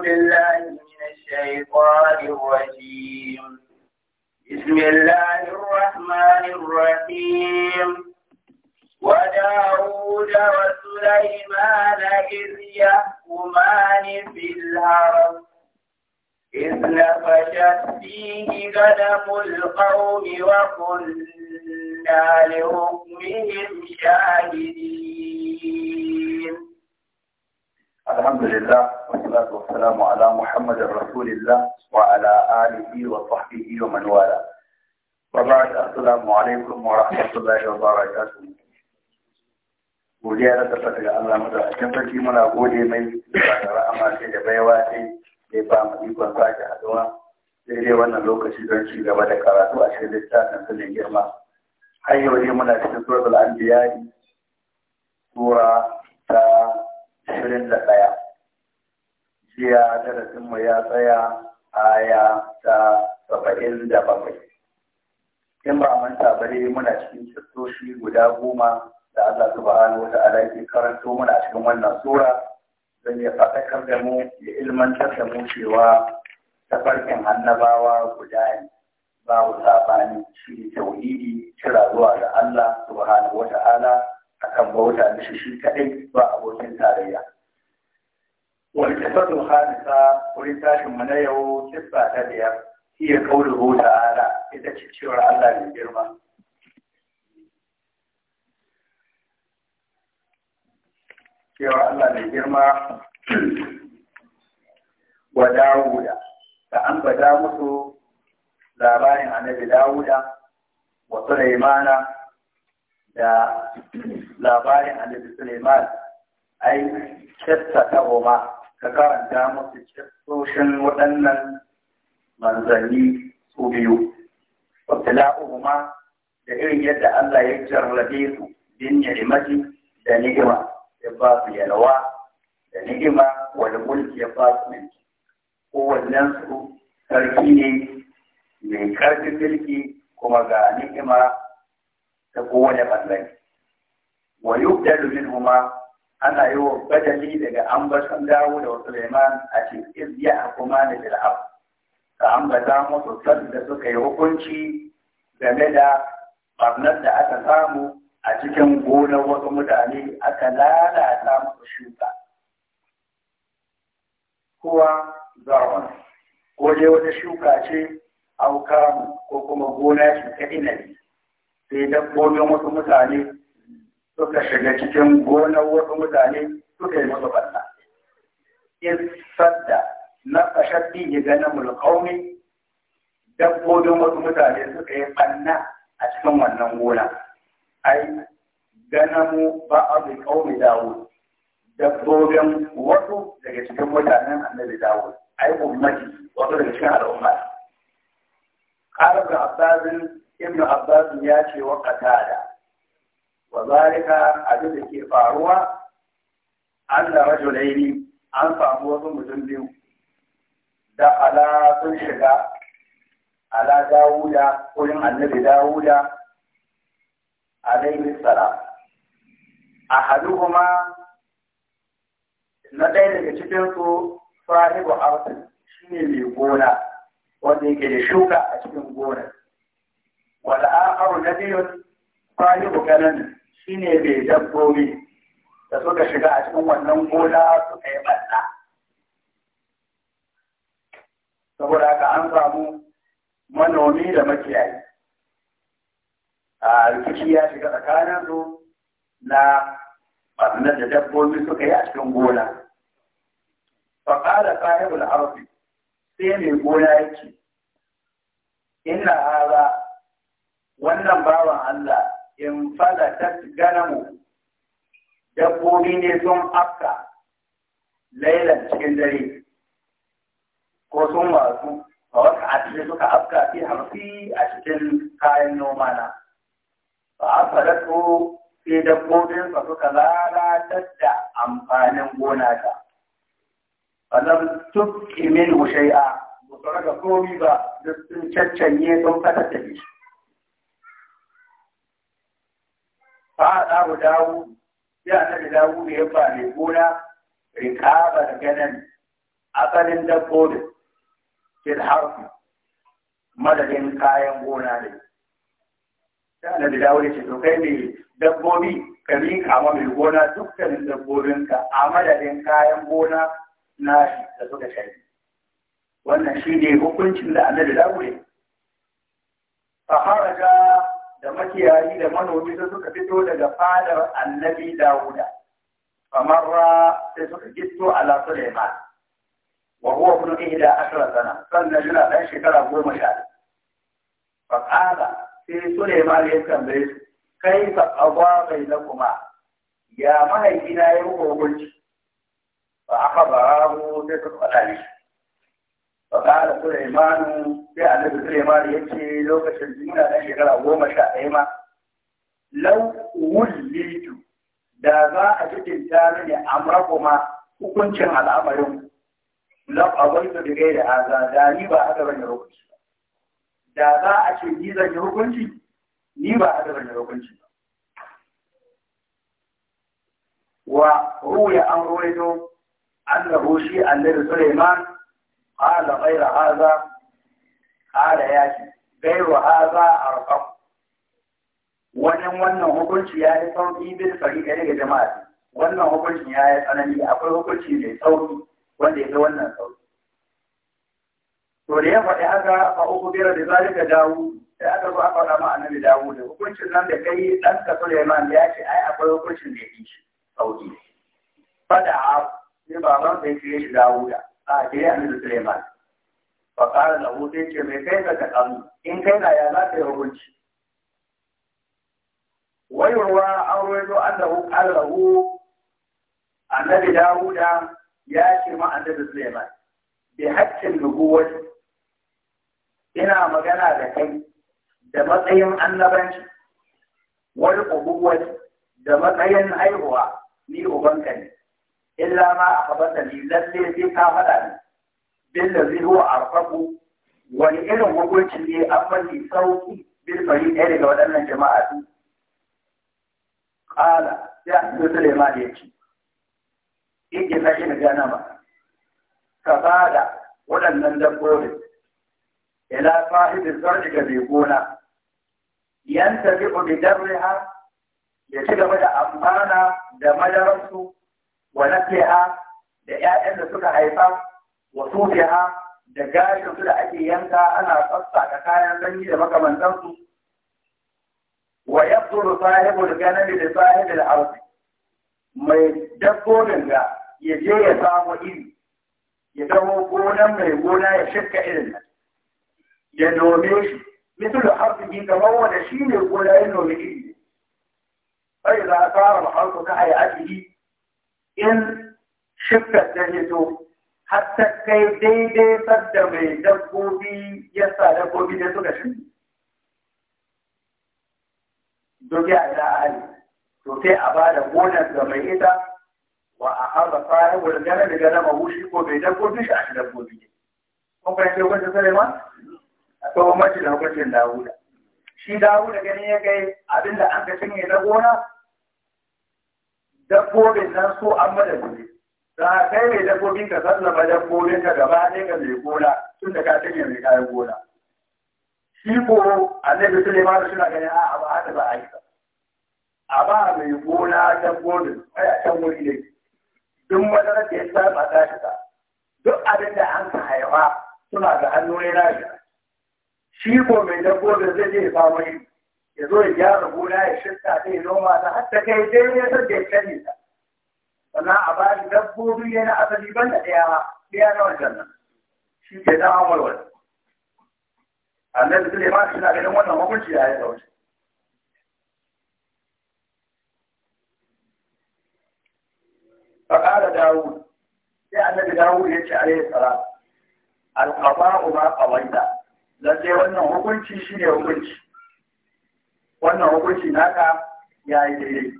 بالله من الشيطان الرجيم بسم الله الرحمن الرحيم وداود وسليمان إذ يحكمان في الأرض إذ نفشت فيه غنم القوم وكنا لحكمهم شاهدين الحمد لله والصلاة والسلام على محمد رسول الله وعلى آله وصحبه ومن والاه وبعد السلام عليكم ورحمة الله وبركاته godiya da tabbata ga Allah mata a kan sarki muna gode mai da ra'ama ce da baiwa ce da ba mu ikon sake haduwa sai dai wannan lokaci don ci gaba da karatu a cikin littafin su ne girma har yau dai muna cikin suratul anbiya sura ta 21 jiya darasinmu ya tsaya aya ta saba'in da bakwai. In ba manta bare muna cikin sassoshi guda goma da Allah subhanahu wa ta'ala ke karanto muna cikin wannan sura don ya faɗakar da mu ya ilmantar da mu cewa tafarkin annabawa guda ne babu sabani shi ne tauhidi kira zuwa ga Allah subhanahu wa ta'ala akan bauta mishi shi kaɗai ba abokin tarayya. والقصة الخامسة ولتاش من يو كفة تبيا هي قوله تعالى إذا تشير الله للجرمة cewa Allah mai girma wa Dawuda, da an bada musu labarin annabi Dawuda wa Sulaimana da labarin annabi Sulaiman ai kessa ta goma ka karanta masu kistoshin waɗannan manzanni su biyu wabtila'uhuma da irin yadda Allah ya jarrabe su bin ni'imati da ni'ima ya ba su yalwa da ni'ima wani mulki ya ba su mulki kowannen su sarki ne mai karfin mulki kuma ga ni'ima ta kowane ɓangare wa yuqdalu minhuma ana yi wa badali daga ambaton dawo da Suleiman a ce izya a kuma da Bil'ab ka ambata musu da suka yi hukunci game da barnar da aka samu a cikin gonar wasu mutane aka lalata musu shuka. Kowa zawon, ko dai wata shuka ce auka ko kuma gona shi ta inabi sai dabbobin wasu mutane suka shiga cikin gonar wasu mutane suka yi musu In sadda na fashaddi ya gana mulkauni dabbobin wasu mutane suka yi ɓanna a cikin wannan gona. Ai, ganamu ba a bi ƙaumi dawo. Dabbobin wasu daga cikin mutanen annabi dawo. Ai, ummati wasu daga cikin al'umma. Ƙarar da Abbasin, Ibn Abbasin ya ce wa da. wa abin da ke faruwa an da rajulaini an samu wasu mutum biyu da ala sun shiga ala dawuda wurin annabi dawuda alaihi salam A ahaduhuma na ɗaya daga cikin su sahibu arsin ne mai gona wanda yake da shuka a cikin gonar wal na biyun sahibu ganin. shi ne mai dabbobi da suka shiga a cikin wannan gona su kai ɓanna. Saboda haka an samu manomi da makiyayi. A rikici ya shiga tsakanin su na ɓannar da dabbobi suka yi a cikin gona. Faƙada kayan arzi sai mai gona yake. Ina haza wannan bawan Allah in gana mu dabbobi ne sun afka lailan cikin dare ko sun wasu a wata ajiye suka afka fi hamsi a cikin kayan noma na ba a fara su sai dabbobin sa suka lalatar da amfanin gona ta wannan tuk imin shai'a ba su da komi ba duk sun cancanye sun fata ta shi fa mu dawo sai annabi dawo ya ba mai gona rikabar ganin asalin dabbobin fil harfi madadin kayan gona ne sai annabi dawo ya ce to kai ne dabbobi ka miƙa ma mai gona dukkanin dabbobinka a madadin kayan gona na shi da suka shari wannan shi ne hukuncin da annabi dawo ne fa haraja da makiyayi da manomi da suka fito daga fadar annabi Dawuda. Famarra sai suka gitto ala Suleiman. Wa huwa ibn da ashara sana, sannan yana ɗan shekara goma sha Faƙala sai Suleiman ya tambaye su, kai fa ƙawa bai na kuma, ya mahaifina ya yi hukunci. Fa aka barahu sai suka faɗa mishi. faƙara Sulaimanu sai annabi Sulaimanu ya ce lokacin juna na shekara goma sha ɗaya ma. Lau wullitu da za a cikin tare ne amra kuma hukuncin al'amarin lau a wani da da aza da ni ba aka bane hukunci ba. Da za a ce ni zan yi hukunci ni ba aka hukunci ba. Wa ruwa an ruwaito annahu shi قال غير هذا قال يا شيخ غير هذا أرقى wannan wannan hukunci ya yi sauƙi bil fari ɗaya daga jama'a wannan hukunci ya yi tsanani akwai hukunci mai sauƙi wanda ya ga wannan sauƙi to da ya faɗi haka a uku biyar da zalika dawo da aka zo aka faɗa ma annabi dawo da hukuncin nan da kai dan ka Sulaiman ya ce ai akwai hukuncin da ya yi sauƙi fada sai baban sai ya shi dawo da a dai annabi Sulaiman fa qala lahu ce mai kai ka takamu in kai na ya za ka yi hukunci wayurwa an rawaito annahu qala lahu annabi Dawuda ya ce ma annabi Sulaiman bi haqqin nubuwwati ina magana da kai da matsayin annabanci wani ubuwwati da matsayin haihuwa ni ubanka ne illa ma akabata ni lalle sai ka faɗa ni bil da zai huwa wani irin hukunci ne an bani sauki bil fari ɗaya daga waɗannan jama'a su ƙala sai annabi Sulaiman ya ce yake sake da gana ba ka bada waɗannan dabbobin ila sahibin zarni ga mai gona yanta bi ubi darriha ya ci gaba da amfana da madararsu wa nafiha da yayan da suka haifa wa sufiha da gashin su da ake yanka ana tsatsaka kayan zanyi da makamantansu wa yaqulu sahibu al-ganami li sahibi al-ardi mai dabbobin ga ya je ya samu iri ya dawo gonan mai gona ya shirka irin nan ya nome shi misalu arziki kamar wanda shi ne gona ya nome iri sai za a fara ma'arku ka hayatihi in shifkar ta hito har ta kai daidai sadda mai dabbobi ya sa dabbobi da suka shi dogi a da'ari to sai a ba da gonar ga mai ita wa a harba fara gudana da gana wushi ko mai dabbobi shi a shi dabbobi ne. Kuma Kun fahimci hukuncin ma A tsohon mace da hukuncin Dawuda. Shi Dawuda ganin ya kai abinda an ka cinye na gona dabbobin nan so an gobe. za a kai mai dabbobin ka sallama dabbobin ka gaba ɗaya ga mai gona tun da ka cinye mai kayan gona shi ko annabi Suleiman suna ganin a'a ba haka ba a yi a ba mai gona dabbobin kai a can wuri ne duk madara da ya ba ta shiga duk abin da an ka haifa suna ga hannu ne na shi ko mai dabbobin zai je ya samu ya zo ya gyara gona ya shirka ta ya noma ta har ta kai dai ya san da ya ta sannan a ba shi dabbobi ne na asali ban da ɗaya ɗaya na wancan nan shi ke dan an walwala annabi shi suna ganin wannan hukunci ya yi da wuce فقال داود sai annabi dawo ya ce alaihi salam alqaba'u ma qawaita lalle wannan hukunci ne hukunci wannan hukunci naka ya yi daidai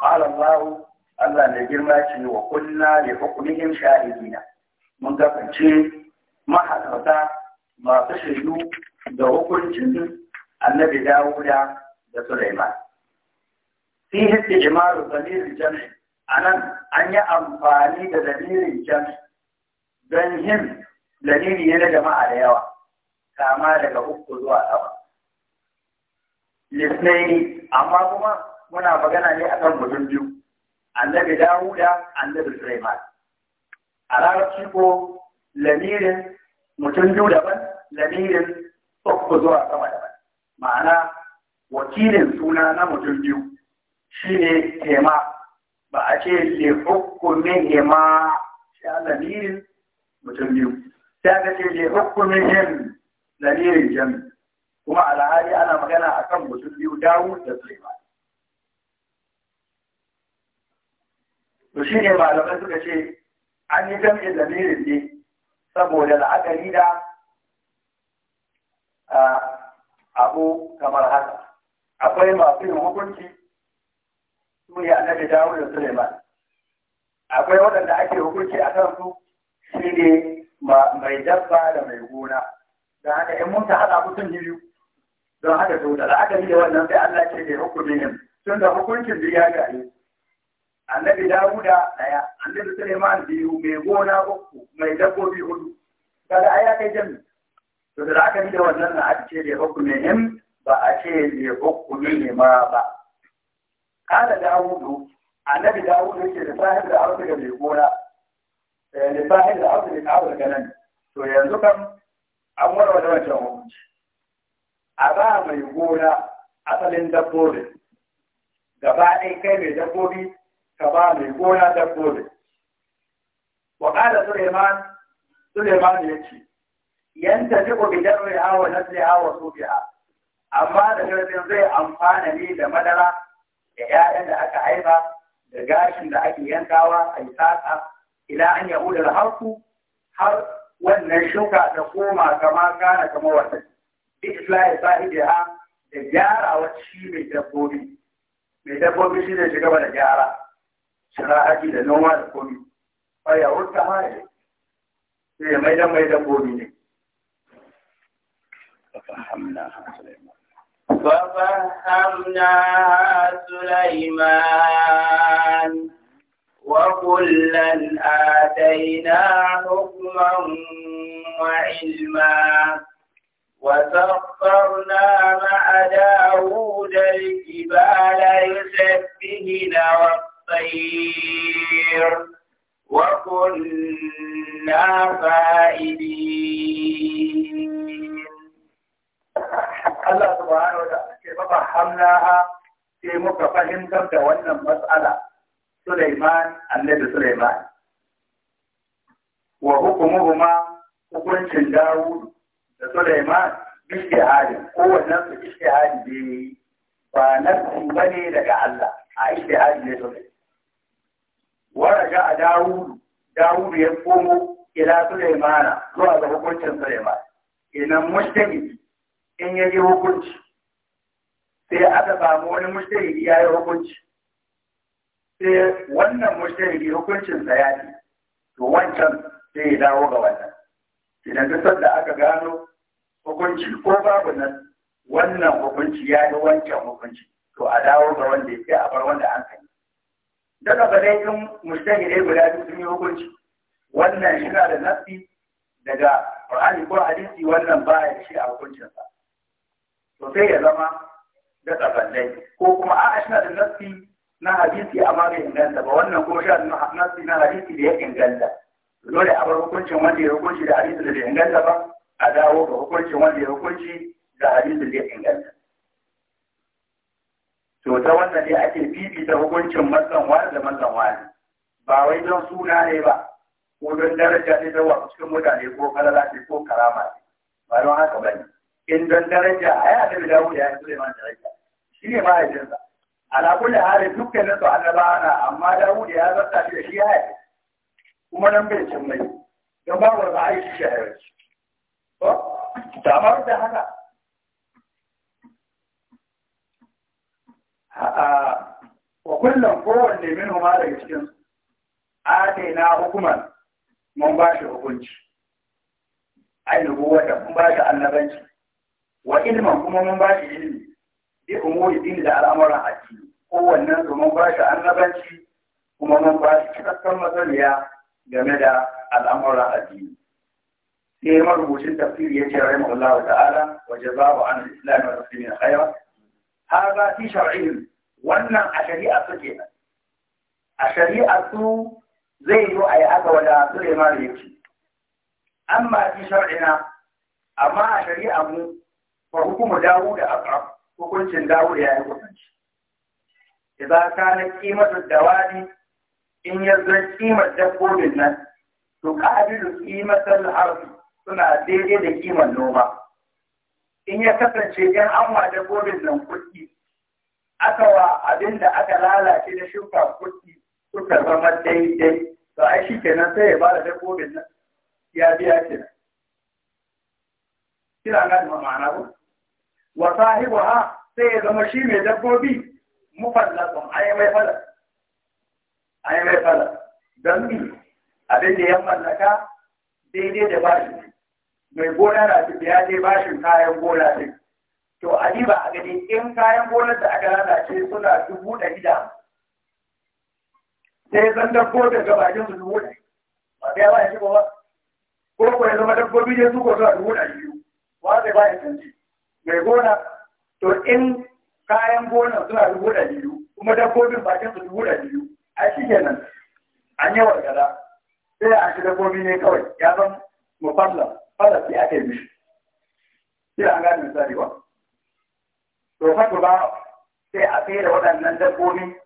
qala Allah Allah ne girma ce wa kunna li hukmihim na, mun gafance mahalarta masu shaidu da hukuncin annabi Dawuda da Sulaiman fi hitti jimaru zamirin a nan an yi amfani da zamirin jami'in don yin dalili ne na jama'a da yawa kama daga uku zuwa sama lisnaini amma kuma muna magana ne akan mutum biyu annabi Dawuda annabi Sulaiman a larabci ko lamirin mutum biyu daban lamirin uku zuwa sama daban ma'ana wakilin suna na mutum biyu shine tema ba a ce le hukumin hema sha lamirin mutum biyu sai ga ce le hukumin hem lamirin jami'i kuma alhali ana magana akan mutum biyu Dawud da Suleiman. to shi ne malamai suka ce an yi jam'in lamirin ne saboda la'akari da abu kamar haka akwai masu yin hukunci su ne annabi dawo da suleiman akwai waɗanda ake hukunci a kan su shi ne mai dabba da mai gona da haka in mun ta haɗa mutum biyu don haka sau da aka da wannan sai Allah ce ke hukumin tun da hukuncin duk ya gari annabi Dawuda daya annabi Suleiman biyu mai gona uku mai dabbobi hudu kaga ai ya kai jami to da aka da wannan na ake ke da hukumin ba a ce da hukumin ma ba kada Dawudu annabi Dawudu ke da sahib da Audu ga mai gona eh, da sahib da Audu da Audu ga nan to yanzu kam an warware wancan hukunci a ba mai gona asalin dabbobi gaba ɗaya kai mai dabbobi ka ba mai gona dabbobi wa suleiman suleiman ya ce yanta ji ko bidan mai hawa na zai hawa su biya amma da ƙarfin zai amfana ne da madara da 'ya'yan da aka haifa da gashin da ake yankawa a yi sata ila an ya harku har wannan shuka ta koma kama gana kama wannan bi islahi sahibiha da gyara gyarawa shi mai dabbobi mai dabbobi shi ne shiga da gyara aji da noma da komi bai ya wuta ma ne sai mai dan mai dabbobi ne ففهمناها سليمان ففهمناها سليمان وكلا آتينا حكما وعلما وسخرنا مع داود الجبال يسبهن والطير وكنا فائدين الله سبحانه وتعالى كيف فهمناها sai muka fahimtar da wannan matsala Suleiman annabi Suleiman wa hukumuhuma hukuncin Dawud da Sulaiman ko wannan su ishtihadi da ya yi ba su bane daga Allah a ishtihadi ne wara ga a Dawudu Dawudu ya komo ila Sulaimana zuwa ga hukuncin Sulaiman ina mushtahidi in ya yi hukunci sai aka samu wani mushtahidi ya yi hukunci sai wannan hukuncin hukuncinsa ya yi, to wancan sai ya dawo ga wannan idan duk sanda aka gano hukunci ko babu nan wannan hukunci ya yi wancan hukunci to a dawo ga wanda ya a bar wanda an kai daga bare in mujtahidai guda biyu sun yi hukunci wannan na da nafi daga Qur'ani ko hadisi wannan ba ya shi a hukuncinsa to sai ya zama da tsabandai ko kuma a'a na da nafi na hadisi amma bai inganta ba wannan kuma sha nafsi na hadisi da ya inganta dole a bar hukuncin wanda ya hukunci da hadisi da bai inganta ba a dawo ga hukuncin wanda ya hukunci da hadisin da ya inganta to ta wannan ne ake bibita hukuncin mazan wani da mazan wani ba wai don suna ne ba ko don daraja ne da wasu cikin mutane ko falala ce ko karama ce, ba don haka ba ne in don daraja a ya da dawo ya yi man daraja shi ne mahaifinsa ala kulli hali dukkanin su annabawa ana amma dawo ya zarta shi da shi ya yi kuma nan bai cin mai don babu ba a yi shi shahararci samar da haka wa kullum kowanne min huma daga cikin na hukumar mun ba shi hukunci ainihu wata mun ba shi annabanci wa ilman kuma mun ba shi ilmi bi umuri din da al'amuran addini kowanne su mun ba shi annabanci kuma mun ba shi cikakken masaniya game da al'amuran addini sai marubucin tafsiri ya ce rahimu Allah ta'ala wa jazahu an al-islam wal muslimin khaira hada fi shar'ihim wannan a shari'a su kenan a shari'a su zai zo a yi haka wanda Suleiman ya ce amma fi shar'ina amma a shari'a mu fa hukumu dawo da aqrab hukuncin dawo da yayi hukunci idza kana qimatu dawadi in yazan qimar dabbobin nan to qadiru qimatul harfi suna daidai da kiman noma in ya kasance 'yan an wa dabbobin nan kuɗi aka wa abin da aka lalace da shuka kuɗi suka zama daidai to ai shi kenan sai ya bada dabbobin nan ya biya kenan kina gani ma ma'ana ba wa sahibuha sai ya zama shi mai dabbobi mufallafun ayi mai falal Ayi mai falal don abin da ya mallaka daidai da bashi mai gona na tafi ya je bashin kayan gona din to ali ba a gani in kayan gonar da aka lalace suna dubu ɗari da sai zan dabbo da gabanin su dubu ɗari ba ga ba shi ba ko ko ya zama dabbobi dai su ko suna dubu ɗari biyu ba zai ba ya canji mai gona to in kayan gona suna dubu ɗari biyu kuma dabbobin bakin su dubu ɗari biyu a shi kenan an yawan gaza sai a shi dabbobi ne kawai ya zan mufallar fada sai aka yi mishi kira an gane misali ba to haka ba sai a sayar da waɗannan dabbobi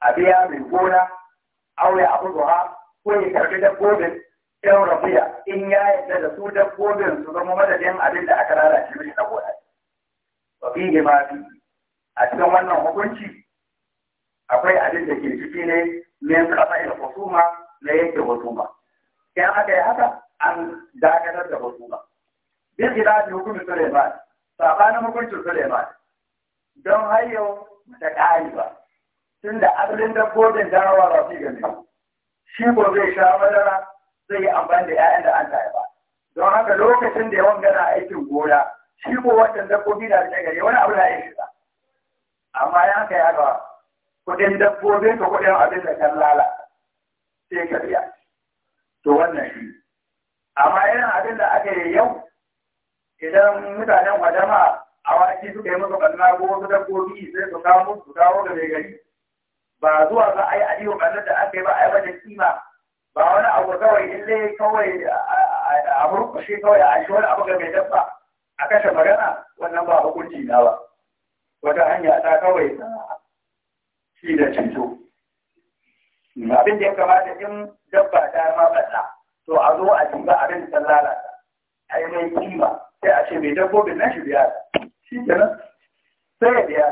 a biya mai gona aure a zuwa ko ya karɓi dabbobin ɗan rafiya in ya yarda da su dabbobin su zama madadin abin da aka lalace mishi na gona. Wa ma fi a cikin wannan hukunci akwai abin da ke ciki ne min kafa il husuma na yanke husuma. Idan aka yi haka an dakatar da hukuma bin khilafi hukumin Suleiman sabanin hukuncin Suleiman don har yau da ƙari ba tun da asalin dabbobin dawa ba su gani shi ko zai sha madara zai yi amfani da 'ya'yan da an taya ba don haka lokacin da yawan gana aikin gona shi ko wancan dabbobi na da gare wani abu na yin shiga amma ya kai haka kudin dabbobin ka kudin abin da kan lala sai ka biya to wannan shi amma yana abin da aka yi yau idan mutanen a waki suka yi masa ɓanna ko wasu dabbobi sai su kawo musu su kawo ga mai gari ba zuwa za a yi adiyo ɓannar da aka yi ba a yi wajen kima ba wani abu kawai in kawai a murkushe kawai a shi wani abu ga mai dabba a kashe magana wannan ba hukunci na ba wata hanya ta kawai ta shi da ceto abin da ya kamata in dabba ta ma ɓanna to a zo a ci a abin da lalata ai mai kima sai a ce mai dabbobin na shi biya shi kenan sai ya biya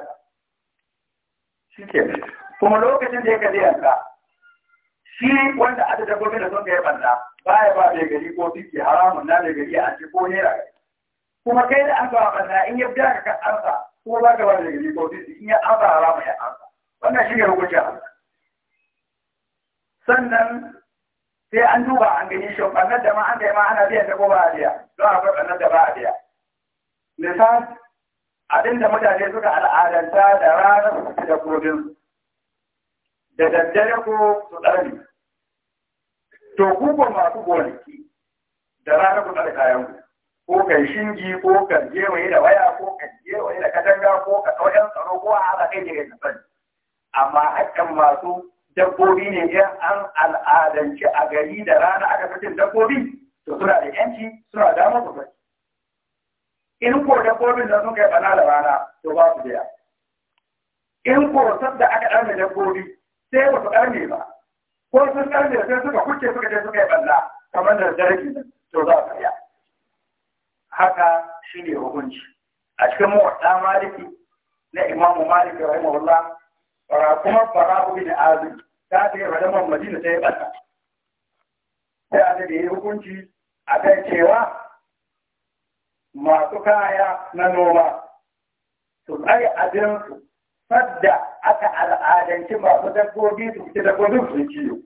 shi kenan kuma lokacin da ya gaji yanka shi wanda a ta dabbobin da sun kai banda baya ba mai gari ko fiki haramun na mai gari a ce ko naira kuma kai da an ba banda in ya biya ka ansa kuma ba ka ba mai gari ko fiki in ya ansa haramun ya ansa wannan shi ne hukuncin sannan sai an duba an gani shi ɓannar da ma an da ma ana biyan ta ko ba a biya don akwai ɓannar da ba a biya misal abin da mutane suka al'adanta da ranar su fi da gobin da daddare ko su tsarni to ku ko masu gonaki da ranar ku tsar kayan ku ko kai shingi ko kan jewaye da waya ko kan jewaye da katanga ko ka ɗau tsaro ko a haɗa kai ne ka sani amma haƙƙin masu dabbobi ne ya an al'adance a gari da rana aka fitin dabbobi to suna da yanci suna damar su kai in ko dabbobin da sun kai bana da rana to ba su biya in ko da aka ɗarme dabbobi sai ba su ba ko sun ɗarme sai suka kuce suka je suka yi balla kamar da zargi to za su biya haka shi ne hukunci a cikin mawaɗa maliki na imamu maliki rahimahullah kuma bara bin azim ta ta yi hadaman madina ta yi ɓata sai a da yi hukunci a kan cewa masu kaya na noma su tsaye abinsu sadda aka al'adanci masu dabbobi su ci dabbobin su kiyo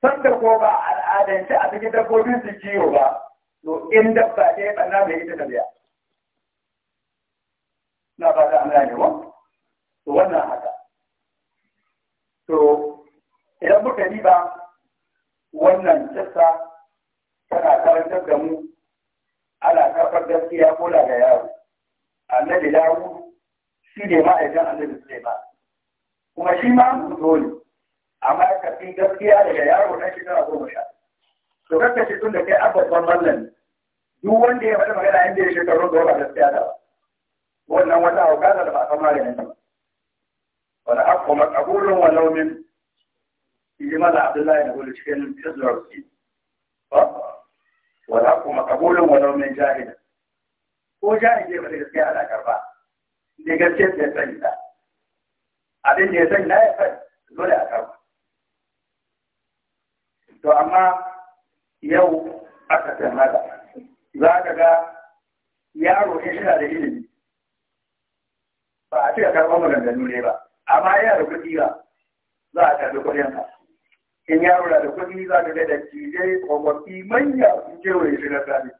sadda ko ba al'adanci a cikin dabbobin su kiyo ba to in dabba ta yi na mai ita da na ba ta an gane wa to wannan haka to idan muka riba wannan kissa tana karantar da mu ana karɓar gaskiya ko da ga yaro annabi dawo shi ne ma'aikan annabi ba. kuma shi ma mutu ne amma karɓi gaskiya daga yaro na shekara goma sha to kakka shi tun da kai abubuwan mallan duk wanda ya faɗi magana inda ya shekaru goma gaskiya da ba wannan wata hauka da ba a san maganin ba wani akwa makabulun wa launin ijima da abdullahi da wani cikin fizuwar su wani akwa makabulun wa launin jahil ko jahil ne ba da gaskiya ana karba da gaskiya da ya sani ta. abin da ya sani na ya sani dole a karba to amma yau aka san za ka ga yaro ya shi da ilimi ba a cika karɓar maganganu ne ba amma yana da kuɗi ba za a tafi kuɗin ka in yaro na da kuɗi za ka ga da cijai kwakwafi manya sun kewaye shi na sami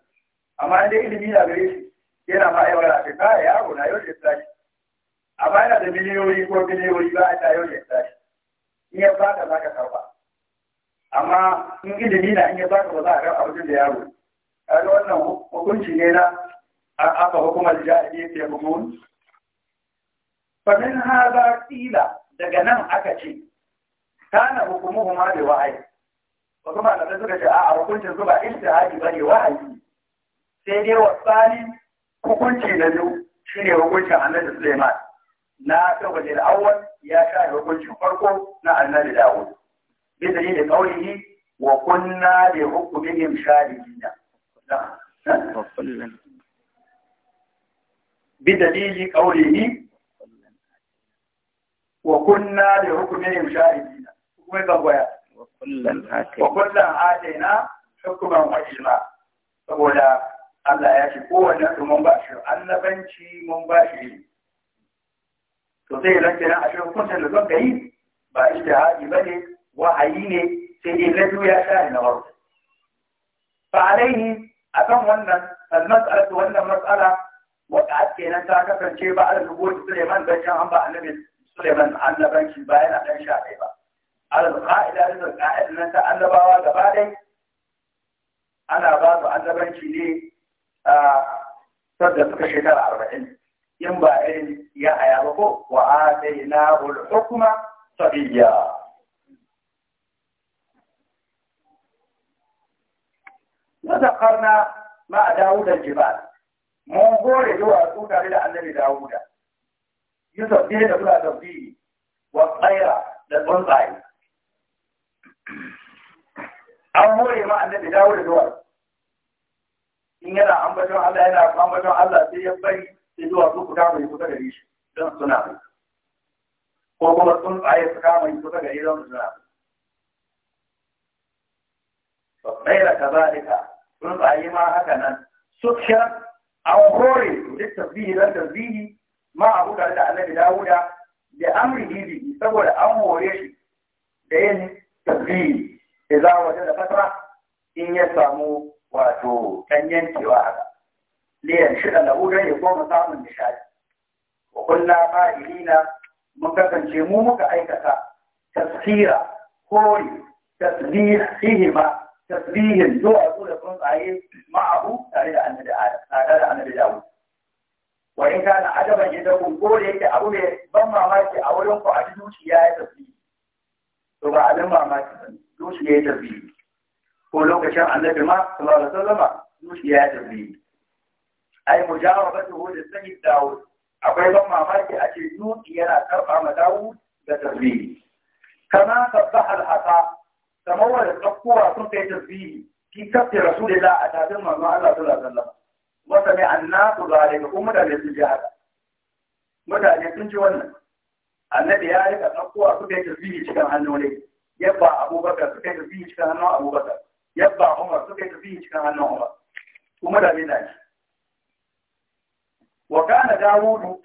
amma dai ilimi na gare shi yana ma yawa a shekara yaro na yau da tashi amma yana da miliyoyi ko miliyoyi ba a ta yau da tashi in ya baka za ka karɓa amma in ilimi na in ya baka ba za a karɓa mutum da yaro kaga wannan hukunci ne na an aka hukumar jahiliya ta yi famin haza ƙila daga nan aka ce kana hukumuhu ma da wahayi wasu malamai suka ce a hukuncin su ba istihadi ba ne wahayi sai dai wa wasani hukunci na biyu shine hukuncin annabi Sulaiman na tabbata da awwal ya sha hukuncin farko na annabi Dawud bi da ne kaulihi wa kunna li hukmihim shahidina bi dalili qawlihi وكنا لحكمهم شاهدين وكنا آتينا حكما وعلما فقولا الله يشكو ونحن مباشر أن بنشي مباشرين تطير لكنا أشعر كنت لكم كيف باشتهاد بلد وعيني سيدي لدو يا شاهد نغرد فعليه أكم ونن المسألة ونن مسألة وقعد كينا ساكفا شيء بعد الربوط سليمان بيشان عم بعد Suleiman annabanci ba yana ɗan shafai ba. Al-Qa'ida da Qa'ida nan ta annabawa gaba ɗai ana ba su annabanci ne a sadda suka shekara arba'in. In ba irin ya haya ba ko wa atayna ul hukma sabiyya. وذكرنا مع داود الجبال من غور يوعى تare da annabi داوود ya sabbe da kula da tasbihi wa tsaira da tsuntsaye an more ma annabi dawo da zuwa. in yana ambacin Allah yana ambacin Allah sai ya bari sai zuwa su kuta mai kusa da shi don suna mai ko kuma tsuntsaye su kama mai kusa da shi don suna mai tsaira ka zalika tsuntsaye ma haka nan sukhiyar an hore duk tasbihi don tasbihi ma abu da da annabi dawuda da amri bibi saboda an hore shi da yin tabbiri idan waje da fatra in ya samu wato tanyancewa haka liyan shida da wurin ya koma samun nishadi wa kulla fa'ilina mun kasance mu muka aikata tasira kori tasbihihima tasbihin zuwa da tsuntsaye ma'abu tare da annabi adam tare da annabi dawud wa in kana adaban yadda kun ko da yake abu mai ban mamaki a wurin ku a ji zuciya ya tafi to ba abin mamaki ba zuciya ya tafi ko lokacin annabi ma sallallahu alaihi wasallama zuciya ya tafi ai su da sani dawo. akwai ban mamaki a ce zuci yana karba ma dawo da tafi kama ka al-hasa kamar wanda tsakkowa sun kai tafi ki kafin rasulullah a tafin manzon Allah sallallahu alaihi wata mai annasu zalika kuma mutane sun ji haka mutane sun ji wannan annabi ya rika ɗaukowa suka yi tasbihi cikin hannu ne yabba abubakar suka yi tasbihi cikin hannun abubakar yabba umar suka yi tasbihi cikin hannun umar kuma da na ji wa kana dawudu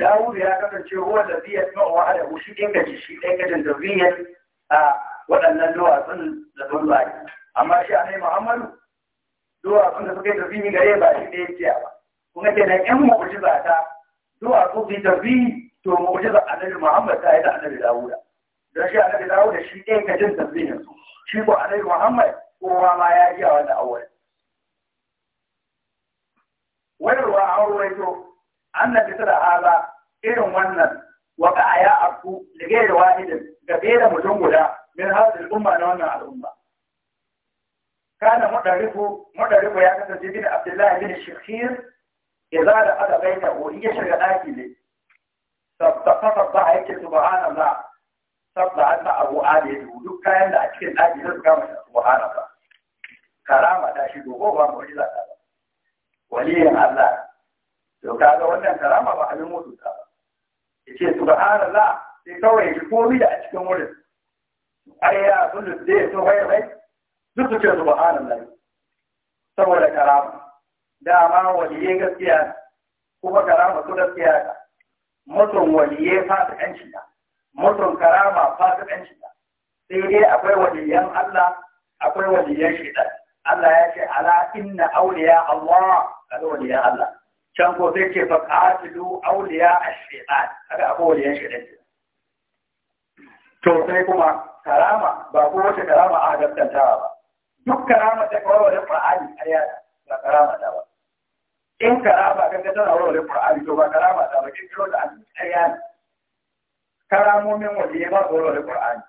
dawudu ya kasance ruwa da zai yasma wa ala shi ɗin gaji shi ɗin gajin da zai a waɗannan duwatsun da sun zaki amma shi a nai muhammadu duwatsun da suka yi tasbihi gare ba shi ɗaya ya ba kuma kenan yan mu'jiza ta duwatsu su yi tasbihi to mu'jiza annabi Muhammad ta yi da annabi Dawuda don shi annabi Dawuda shi ɗaya ka jin tasbihin su shi ko annabi Muhammad kowa ma ya ji a wani awwal wani ruwa an ruwaito annabi da haza irin wannan waka a ya abu da gaira wahidin ga gaira mutum guda min hasil umma na wannan al'umma كان مدربه مدربه يا يعني كذا بن عبد الله بن الشخير إذا رأى بيته وهي شغلة لي فقط ضاع سبحان الله صدع أن أبو آدي ودك كان لا أشكل آدي لك سبحان الله كرامة تشهد هو مريضة ولي الله لو كان wannan كرامة ba abin mutu ta yace subhanallah sai kawai shi komai da a cikin wurin ayya duk su ce subhanallah saboda karama dama waliye gaskiya kuma karama su gaskiya ka mutum waliye fasikanci ka mutum karama fasikanci ka sai dai akwai waliyan Allah akwai waliyan shaitan Allah ya ce ala inna awliya Allah kada waliyan Allah can ko sai ce fa qatilu awliya ash-shaytan kada akwai waliyan shaitan to sai kuma karama ba ko wace karama a gaskanta ba duk karama ta kawai wajen Qur'ani a yana ba karama ta ba in karama ka tana wajen Qur'ani to ba karama ta ba kin kiro da an tsaya karamomin waje ba su wajen Qur'ani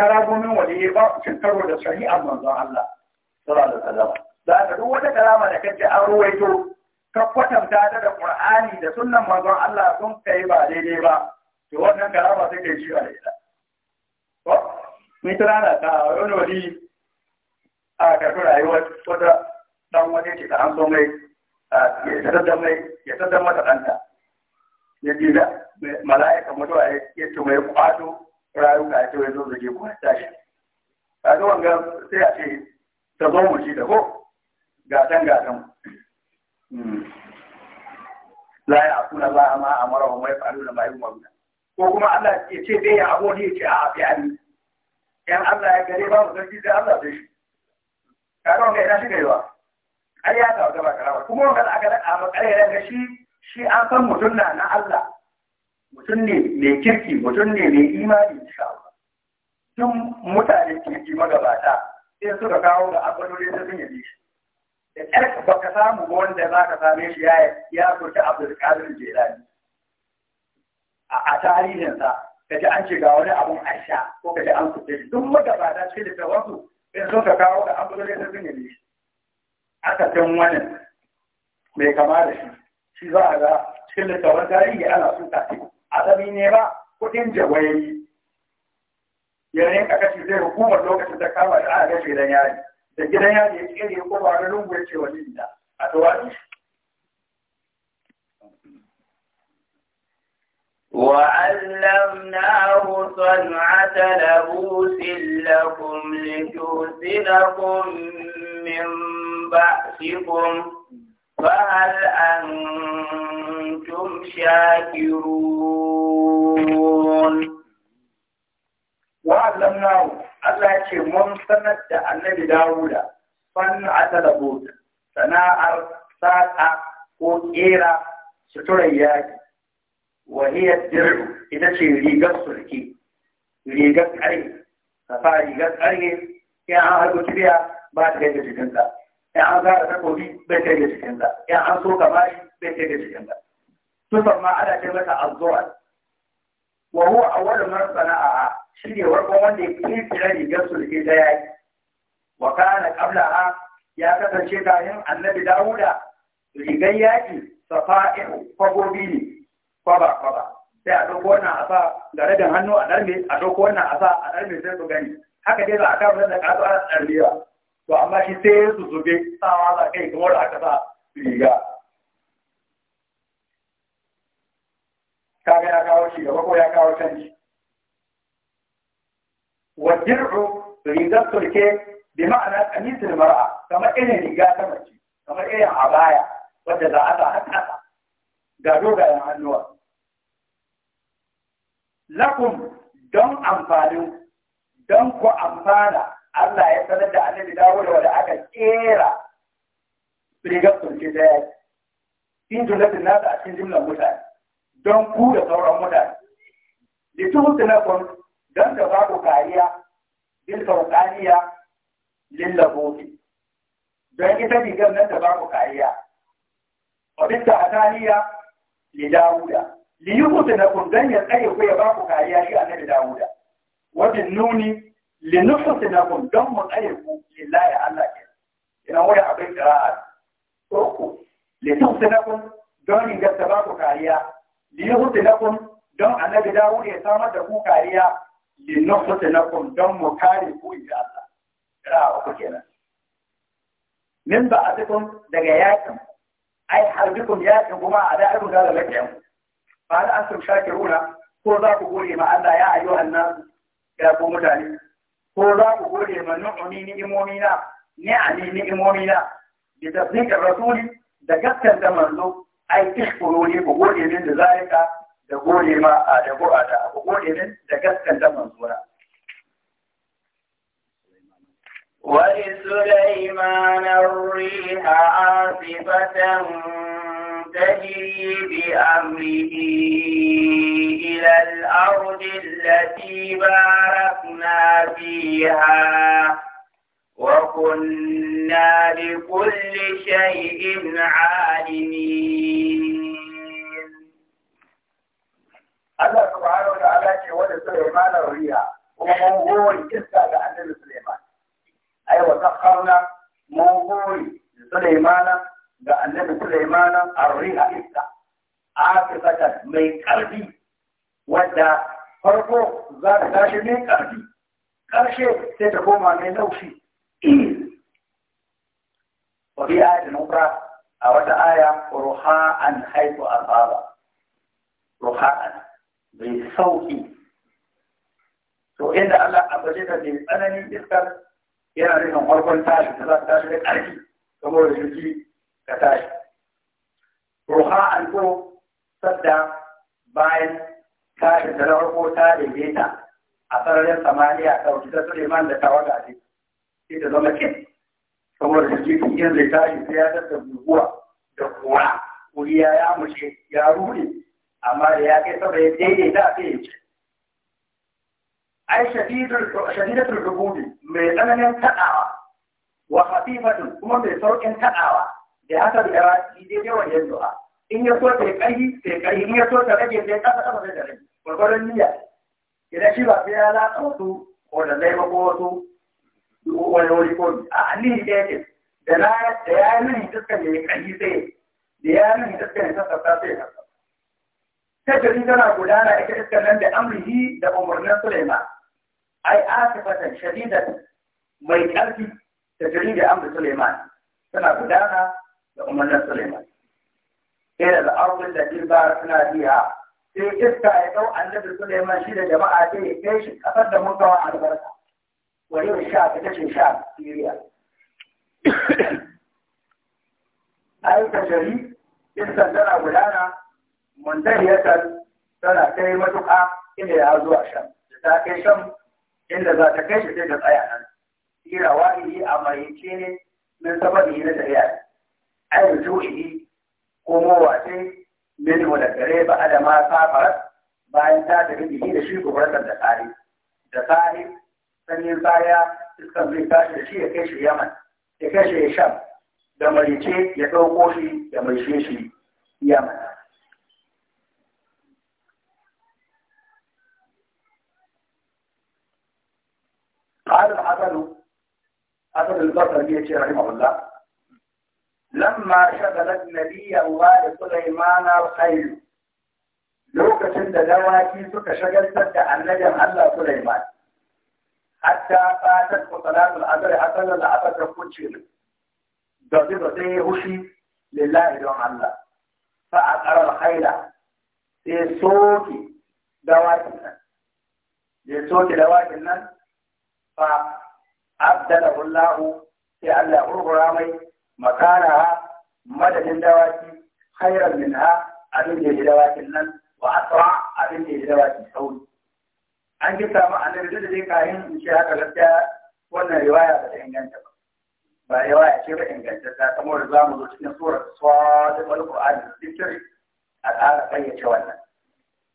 karamomin waje ba su karo da shari'ar manzon Allah sallallahu alaihi wasallam da ka duk wata karama da kace an ruwaito ka kwatanta ta da Qur'ani da sunnan manzon Allah sun kai ba daidai ba to wannan karama take shi a ita ko ni tana ta wani wani a tafi rayuwar wata ɗan wani ce da an so mai ya tattar mai ya tattar mata ɗanta ya ji da mala'ika mutuwa ya ce mai kwato rayuka ya ce wai zo zage kuma ya tashi a ga sai a ce ta zo mu shi da ko gatan gatan hmm. la ya ba a ma a mara mai faru da mai umarna ko kuma Allah ya ce zai ya abu ne ya ce a fi ani Yan Allah ya gare ba mu sarki sai Allah zai shi kaga wanda ina shi da yawa ai ya ta gaba karawa kuma wanda aka raka ma kare da shi shi an san mutum na na Allah mutum ne mai kirki mutum ne mai imani insha Allah tun mutane kirki magabata sai suka kawo ga abaloli da sun yabi shi da ƙarfi baka ka samu wanda za ka same shi ya ya furta Abdulkadir Jilani a tarihinsa ka ji an ce ga wani abun aisha ko ka ji an kuɗe duk magabata cikin littafansu in sun ka kawo da ambalolin da sun yi aka can wani mai kama da shi shi za a ga cikin littafin tarihi ana sun tafi asali ne ba kudin jawayi yanayin kakashi zai hukumar lokacin ta kama da aka gashe gidan yari da gidan yari ya tsere ko ba lungu ya ce wani da a tawaɗi وعلمناه صنعة لبوس لكم لتوسلكم من بأسكم فهل أنتم شاكرون وعلمناه الله يشي من سنة النبي داود صنعة لبوس sana'ar saƙa ko ƙera wahiyar dir'u ita ce rigar sulki rigar ƙarye ka sa ba ta kai da jikinsa in an takobi bai kai da jikinsa in an so ka bai kai da jikinsa tufan ma ana kai mata azzuwa wa huwa awwalu man sana'a shi ne warkon wanda ya rigar sulki da yaki wa kana qablaha ya kasance kayan annabi Dawuda rigar yaki safa'ihu fagobi ne kwaba kwaba sai a ɗauko wannan a sa ga rabin hannu a ɗarme a ɗauko wannan asa a ɗarme sai su gani haka dai za a kama da ƙasa a ɗarmewa to amma shi sai su zube sawa za kai kamar aka sa riga kaga ya kawo shi gaba ko ya kawo canji wadir'u rigar turke bi ma'ana kamisul mar'a kamar irin riga ta mace kamar irin abaya wadda za a sa har ga dogayen hannuwa lakum don amfanin don ku amfana Allah ya sanar da annabi dawo da wanda aka kera rigar sulke da ya in da nasa a cikin jimlar mutane don ku da sauran mutane da su hutunakon don da ba ku kariya bin lilla lillabobi don ita rigar nan da ba ku kariya wabin ta kariya li dawuda liyukuta da kun dan ya tsaye ku ya ba ku kariya shi annabi Dawuda wajen nuni linufusi na kun don mu tsaye ku lillahi Allah ke ina wani abin qira'a ko linufusi na kun don in gasta ba ku kariya liyukuta na kun don annabi Dawuda ya samar da ku kariya linufusi na kun don mu kare ku inda Allah qira'a uku kenan min ba a cikin daga yakin ai harbikun yakin kuma a da'irun da lafiyan ba da shakiruna ko za ku gode ma Allah ya ayyo nasu ya ko mutane ko za ku gode ma nu'umi ni'imomina ni imomina. da tasdiqar rasuli da da manzo ai tishkuru ne ku gode min da zalika da gode ma a da ata, ku gode min da gaskanta manzona ولسليمان الريح عاصفة تجري بأمره إلى الأرض التي باركنا فيها وكنا لكل شيء عالمين الله سبحانه وتعالى يقول سليمان الرياء وموهوري كسا لأنه سليمان أي أيوة وسخرنا موهوري لسليمان ga annabi Sulaiman arriha iska afifatan mai ƙarfi wadda farko za ta tashi mai ƙarfi ƙarshe sai ta koma mai laushi wa bi ayatin ukra a wata aya ruha'an haifu asaba ruha'an mai sauki to inda Allah a baje da mai tsananin iskar yana nufin farkon tashi ta za ta tashi da ƙarfi kamar da jirgi ka tashi ruha an ko sadda bayan ta da na ko ta daidaita a sararin samaniya ta wuce ta Suleiman da ta waga ce sai ta zama kin saboda da ke cikin zai tashi sai ya tattara buguwa da kura wuri ya mushe ya ruri amma da ya kai saboda ya daidaita sai ya ce ai shadidatul rububi mai tsananin taɗawa wa hafifatun kuma mai sauƙin taɗawa da haka da yawa shi dai dai du'a in ya so ta yi ƙarfi ta yi in ya so ta rage ta yi ƙasa ƙasa ta rage gwargwaron niyya idan shi ba sai ya latsa wasu ko da zai ba ko wasu wani wuri ko a halin da yake da na da ya yi nan dukkan da ya sai da ya yi nan dukkan da sassa sai ya tajiri tana gudana ita iska nan da amrihi da umarnin Sulaiman ai asifatan shadidan mai ƙarfi tajiri da amri Sulaiman tana gudana da kuma na Suleiman. Ila da arzikin da jin bara suna biya sai iska ya ɗau annabi Suleiman shi da jama'a sai ya kai shi ƙasar da mun kawo albarka. Wani sha ta kashin sha Siriya. Ayyukan shari iska tana gudana mundariyatan tana kai matuƙa inda ya zo a shan. Ta kai shan inda za ta kai shi sai ta tsaya nan. Sira wa'iyi a mai ne min sababi na tafiya. أي رجوعه قموة منه للقريب على ما سافرت bayan ta tafi biki da shi gobarar da tsari da tsari sanyin baya iskan zai tashi da shi ya kai shi yaman ya kai shi sham da marice ya ɗauko shi ya maishe shi yaman قال الحسن حسن البصري رحمه الله لما شغلت نبي الله سليمان الخيل lokacin da dawaki suka shagaltar da annabin Allah Sulaiman hatta fatat ku salatul asr hatta la asr da kuce da da sai hushi lillahi don Allah fa a karar haila, sai soki dawakin nan ya soki dawakin nan fa abdalahu Allah sai Allah hurra mai makanaha madadin dawaki khairan minha abin da ya dawakin nan wa asra abin da ya dawaki sauri an ji samu annabi da zai kayan in ce haka gaskiya wannan riwaya ba ta inganta ba ba riwaya ce ba ingantacciya kamar da zamu zo cikin surar sadiq al-qur'an zikri a ƙara fayyace wannan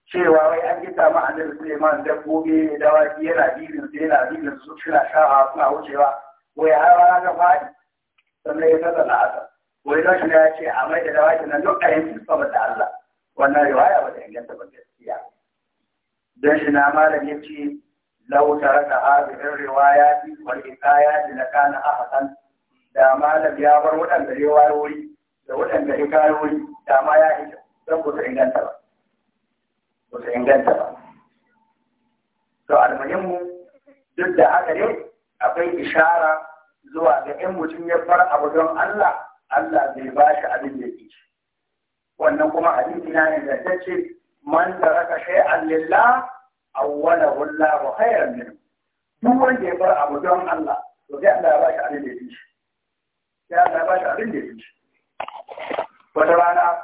cewa wai an ji samu annabi Suleiman dabbobi da dawaki yana bibin su yana bibin su suna sha'a suna wucewa wai har rana ta faɗi sannan ya sallar la'asar wani don ya ce a mai da dawakin nan duk a ba da Allah wannan riwaya ba ta inganta ba gaskiya don shi na malam ya ce lau tare da hazirin riwaya fi wani hikaya da na kana a hasan da malam ya bar waɗanda riwayoyi da waɗanda hikayoyi da ma ya ita don ba su inganta ba ba su inganta ba to almuhimmu duk da haka ne akwai ishara zuwa ga in mutum ya bar abu don Allah Allah zai ba shi abin da yake wannan kuma hadisi na ce, man taraka shay'an lillah hula ba hayar minhu duk wanda ya bar abu don Allah to sai Allah ya ba shi abin da yake Ya Allah ya ba shi abin da yake wata rana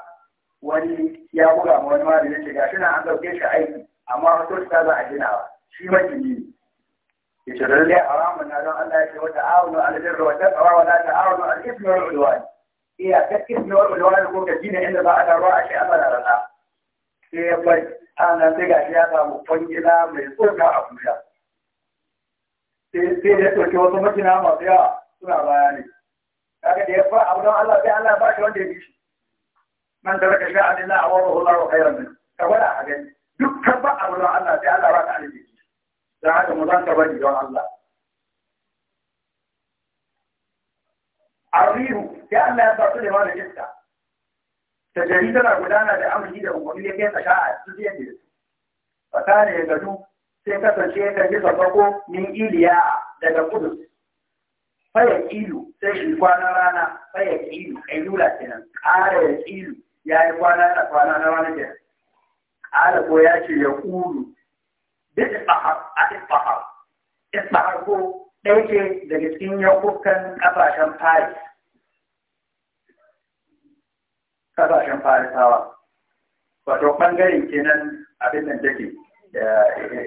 wani ya buga ma wani malami ya ce gashi na an ɗauke shi aiki amma wasu ta za a ginawa shi majini ne يشغل لي حرام ان هذا الا يتعاون على البر والتقوى ولا تعاون على الاثم والعدوان هي تكتب نور والعدوان يكون كجين عند بعد الرؤى شيء ابدا لا هي بس انا تيجا يا ابو فنجلا من كل عقله تي تي تقول تو ما تنام ما بيا سمع بياني لكن دي فا ابو الله تعالى الله باش وندي من ترك شاء الله وهو الله خير منه تقول احد دكتور ابو الله تعالى راك عليه don haka mu zan bari don Allah arrihu sai Allah ya sa Suleiman da iska ta jari tana gudana da amuri da umarni ya kai kasha a cikin yadda fa kana ya gado sai kasance ya kan ji safako min iliya daga Kudu. faya ilu sai shi kwana rana faya ilu ayyula kenan ƙara ya ilu ya yi kwana na kwana na rana kenan ƙara ko ya ce ya kulu bid'ahar a isbahar isbahar ko ɗaya ce daga cikin yankukan ƙasashen paris ƙasashen farisawa wato ɓangare kenan abin da take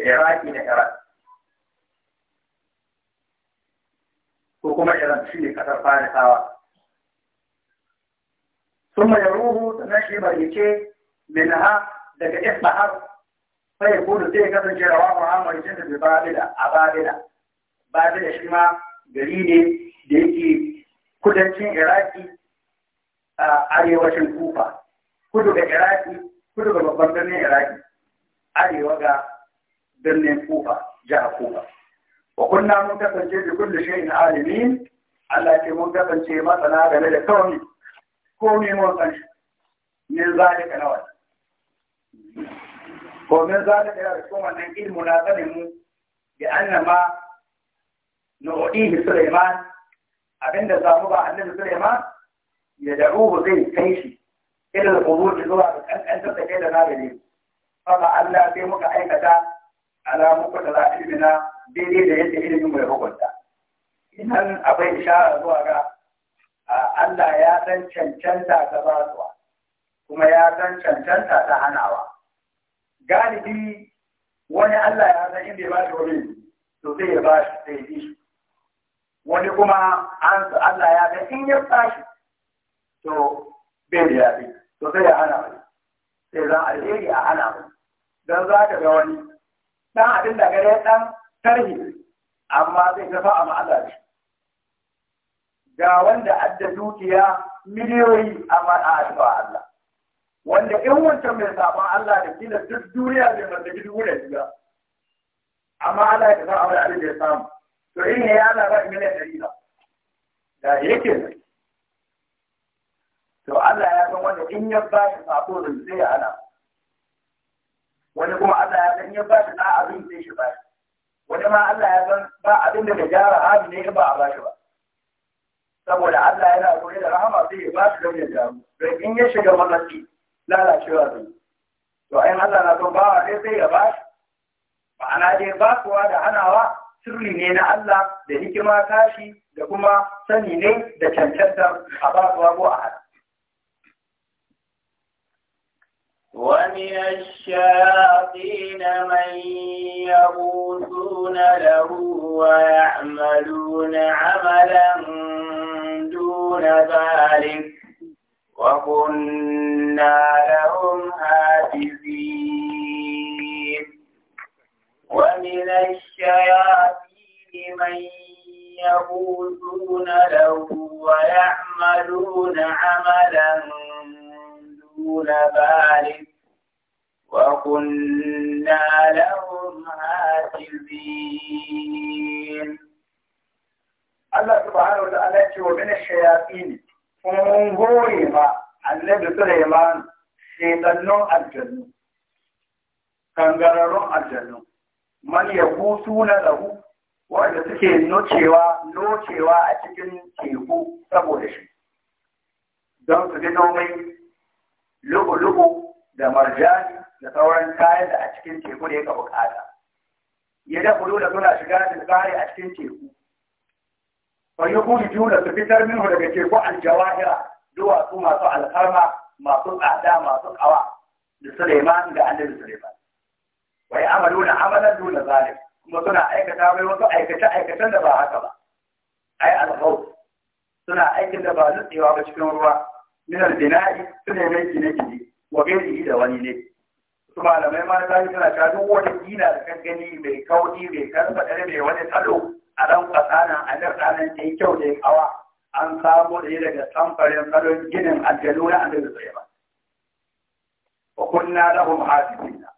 iraki ne iran ko kuma iran shi ne ƙasar farisawa sun mai ruhu da shi bari ce min ha daga isbahar sai kudu sai kasance rawa Muhammad jin da Babila a Babila Babila shi ma gari ne da yake kudancin Iraki a arewacin Kufa kudu ga Iraki kudu ga babban birnin Iraki arewa ga birnin Kufa jihar Kufa wa kunna mun kasance da kullu shay'in alimin Allah ke mun kasance masana game da kawai komai mun san shi min zalika nawa. komen za da ɗaya wannan ilmu na sanin mu da annama na odihi sulema? abinda zamu ba annabi sulema? ya da'uhu zai kai shi ila al zuwa ga kankan da take da nagari fa ba Allah sai muka aikata ala muku da na daidai da yadda ilmi mai hukunta idan abai isha zuwa ga Allah ya dan cancanta ta ba kuma ya san cancanta ta hanawa galibi wani Allah ya san inda ya ba shi wani to sai ya ba shi sai ya ji shi wani kuma an su Allah ya san in ya ba shi to bai da yafi to sai ya hana wani sai za alheri a hana wani don za ka ga wani dan abin da gare dan tarhi amma zai ta fa'a ma'ala shi ga wanda adda dukiya miliyoyi amma a addu'a Allah wanda in wancan mai saban Allah da gina duk duniya bai mallaki dubu da shiga amma Allah ya san abin abin da ya samu to in ya Allah ba mina dalila da yake nan to Allah ya san wanda in ya ba shi sabo da zai ana wani kuma Allah ya san ya ba shi na abin zai shi ba wani ma Allah ya san ba abin da bai gyara hali ne ba a ba shi ba saboda Allah yana koyi da rahama zai ba shi da ya jaru don in ya shiga mallaki lalacewa zai to ayin Allah na son bawa ɗaya sai ya bashi ma'ana dai basuwa da hanawa sirri ne na Allah da hikima tashi da kuma sani ne da cancantar a basuwa ko a hada ومن الشياطين من يغوثون له ويعملون عملا دون ذلك وكنا لهم حافظين ومن الشياطين من يغوصون له ويعملون عملا دون ذلك وكنا لهم حافظين الله سبحانه وتعالى ومن الشياطين mun goye ma annabi Sulaiman shedannun aljannu kangararrun aljannu man ya hutu na lahu wanda suke nocewa nocewa a cikin teku saboda shi don su gino domin lugu-lugu da marjani da sauran kayan da a cikin teku da ya bukata ya da da suna shiga da tsari a cikin teku fayyakun juna su fitar minhu daga teku aljawahira duwatsu masu alfarma masu tsada masu kawa da Suleiman da annabi Suleiman wa na amalan nuna zalim kuma suna aikata mai wasu aikace aikacen da ba haka ba ai alhaus suna aikin da ba nutsewa ba cikin ruwa min albina'i suna mai gine gine wa gairi da wani ne su malamai ma ta yi suna cewa duk wani gina da kan mai kauri mai karfa ɗari mai wani tsalo a ɗan ƙasanan a ɗan ta yi kyau da kawa an samu da daga samfarin salon ginin aljanu na annabi Sulaiman. Wa kunna lahum na.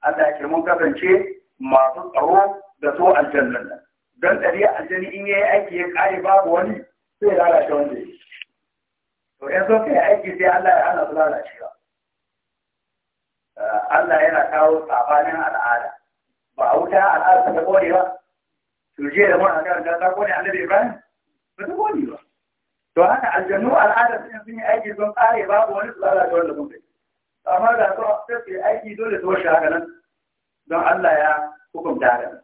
Allah ke mun kasance masu tsaro da su aljannan nan. Don tsari aljani in yayi aiki ya kare babu wani sai lalace wanda ya To in sun kai aiki sai Allah ya hana su lalacewa. Eh, Allah yana kawo tsafanin al'ada. Ba a wuta al'ada ta kore ba, to je da mu a kan da ta kone annabi Ibrahim ba ta kone ba to haka aljannu al'adar sun sun yi aiki sun kare babu wani su lalata wanda mun kai amma da su sai su yi aiki dole su washe haka nan don Allah ya hukunta haka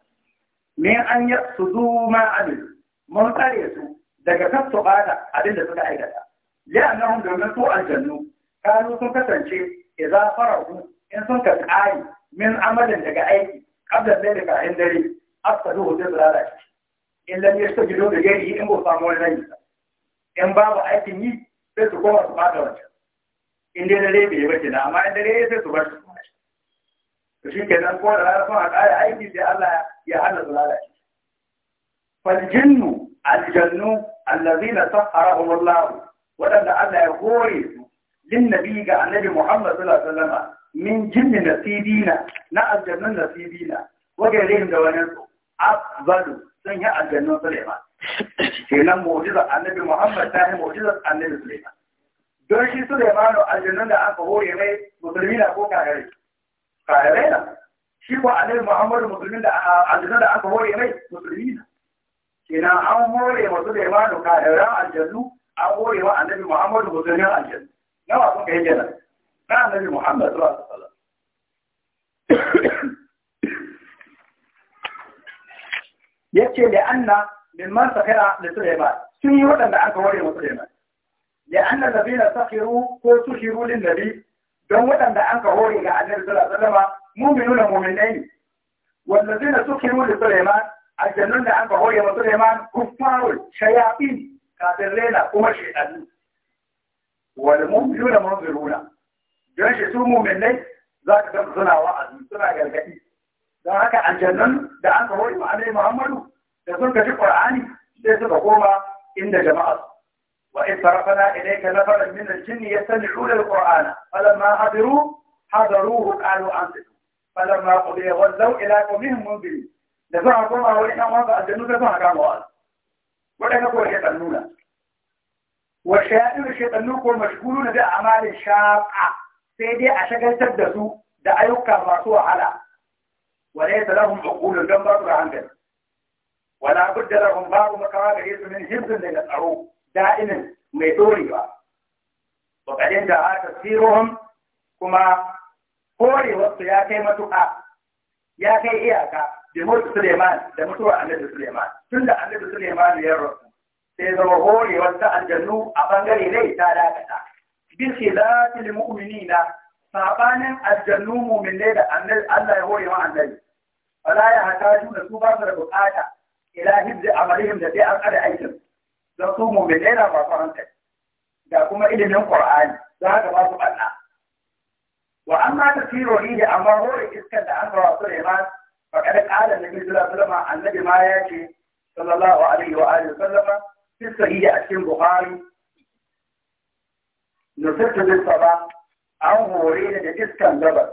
min an yi su zu ma amin mun kare su daga kan su bada abin da suka aikata ya nan domin su aljannu kano sun kasance idza farahu in sun ka kare min amalin daga aiki kabla da daga dare حتى لو جبر عليك إن لم يستجدوا لغيره إن بفامون لنجد إن بابا أتني تتكوى سبات وجه إن دينا ليه بيبتي ناما إن دينا ليه تتبرش سبات فشي كذا نقول على رفعك أي أي جيزي الله يحدث لغيره فالجن الجن الذين سخرهم الله ولن على غوره للنبي النبي محمد صلى الله عليه وسلم من جن نسيبين نأل جنن نسيبين وجعلهم دوانين صوت afdalu sun yi aljannu Suleiman kenan mojiza annabi Muhammad ta yi mojiza annabi Suleiman don shi Suleiman aljannun da aka hore mai musulmi na ko kayare kayare na shi ko annabi Muhammad musulmin da aljannun da aka hore mai musulmi na kenan an hore wa Suleiman kayaren aljannu an hore wa annabi Muhammad musulmin aljannu nawa kuka yi kenan na annabi Muhammad sallallahu alaihi wasallam yace da anna mimman sakira da Sulaiman sun yi waɗanda aka ware wa Sulaiman da anna ladina sakhiru ko tushiru lin nabi don waɗanda aka hore ga annabi sallallahu alaihi wasallam mu'minuna mu'minai ne wallazina sukhiru li Sulaiman aljannun da aka hore wa Sulaiman kuffarul shayatin kafirrena kuma shaytanu wal mu'minuna munziruna don shi su mu'minai za ka suna wa'azi suna gargaɗi don haka aljannan da aka wani ma'anai muhammadu da sun kaci qur'ani sai suka koma inda jama'a wa in sarafana ilayka nafaran min al-jinni yastami'una al-qur'ana falamma hadiru hadaruhu qalu ansitu falamma qudiya wallaw ila qawmihim munzirin da suka koma wani dan wanda aljannu da suka kama wa wadanda ko ya nuna wa shayadu shaytanu ko mashghuluna bi a'malin shaqa sai dai a shagaltar da su da ayyuka masu wahala وليس لهم عقول جنب أطلع عندنا ولا بد لهم makawa ga رئيس من حفظ للأروب دائما ميدوري وبعدين جاء تفسيرهم كما kore wasu ya kai matuƙa ya kai iyaka da mutu Suleiman da mutuwar Annabi Suleiman tun da Annabi Suleiman ya rasu sai zama hore wasu a bangare ne ta dakata bi mu'minina sabanin aljannu mu'minai da annabi Allah ya hore wa annabi fala ya hataju da su ba su da bukata ila hibzi amalihim da sai an kada aikin da su mu'minai da ba su hankali da kuma ilimin Qur'ani za ka ba su banna wa amma ta tiro ne amma hore iskan da an rawa Sulaiman فقد قال النبي صلى الله annabi ma ya ce sallallahu alaihi wa alihi عليه واله وسلم a cikin bukhari نصرت للصباح an hore ni da iskan gabas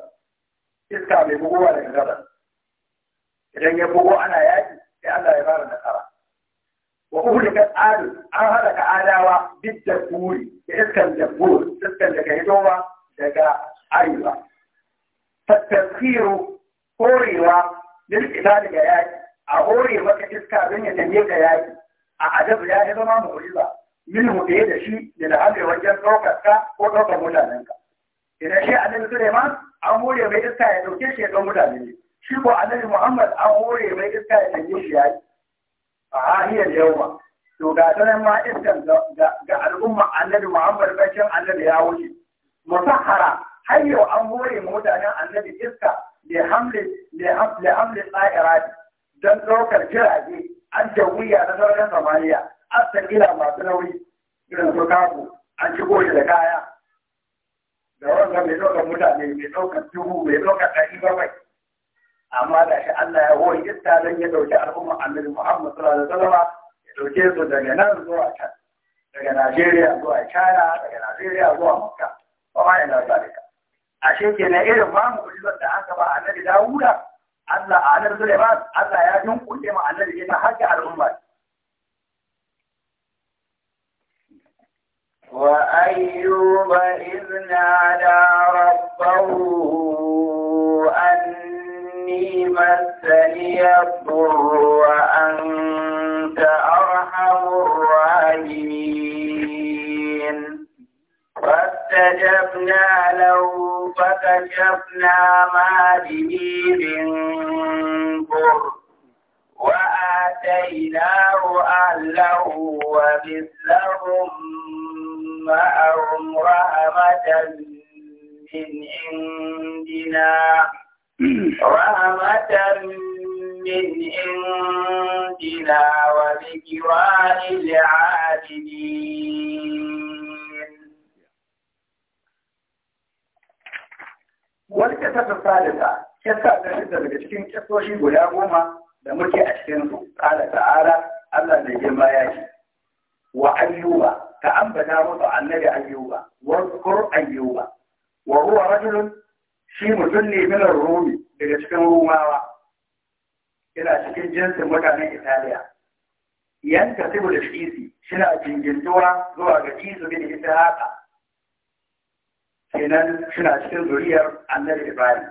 iska mai bugowa daga gabas idan ya bugo ana yaki sai Allah ya fara nasara wa uhlikat adu an ka adawa bid kuri da iskan dabur iskan da daga doba daga arewa tatakhiru horewa lil ibadi ga yaki a hore maka iska don ya tanye ka yaki a adabu ya zama ba min hude da shi da hanyar wajen ɗaukar ka ko ɗaukar mutanenka idan shi annabi Sulaiman an hore mai iska ya dauke shi ya ga mutane ne shi ko annabi Muhammad an hore mai iska ya dauke shi ya yi a hiyar yawa to ga sanan ma iskan ga al'umma annabi Muhammad bacin annabi ya wuce musahara har yau an hore mutanen annabi iska da hamle da hamle tsa'irati don ɗaukar jirage an jawiya na sauran samaniya an sakila masu nauyi irin su kafu an shigo shi da kaya da wannan mai ɗaukar mutane mai ɗaukar duhu mai ɗaukar ɗari bakwai amma da shi Allah ya hori iska don ya ɗauki al'umma annabi Muhammad sallallahu alaihi wasallam ya ɗauke su daga nan zuwa can daga Najeriya zuwa China daga Najeriya zuwa Makka ba ma A zalika ashe na irin ma mu'jizar da aka ba annabi Dawuda Allah a annabi Sulaiman Allah ya dunkulle ma annabi ta haƙƙi al'umma وأيوب إذ نادى ربه أني مسني الضر وأنت أرحم الراحمين فاستجبنا له فكشفنا ما به من ضر وآتيناه أهله ومثلهم معهم رحمة من عندنا رحمة من عندنا وذكرى للعابدين والكسة الثالثة kisa ta daga cikin kisoshi guda goma da muke a cikin su ƙala ta'ala Allah ya ce wa ayyuba ka ambata musu annabi ayyuba wazkur ayyuba wa huwa rajulun shi mutum ne min rumi daga cikin rumawa Ina cikin jinsin mutanen italiya yanka sibu da shi shina jingintuwa zuwa ga jisu bin ishaqa kenan suna cikin zuriyar annabi Ibrahim.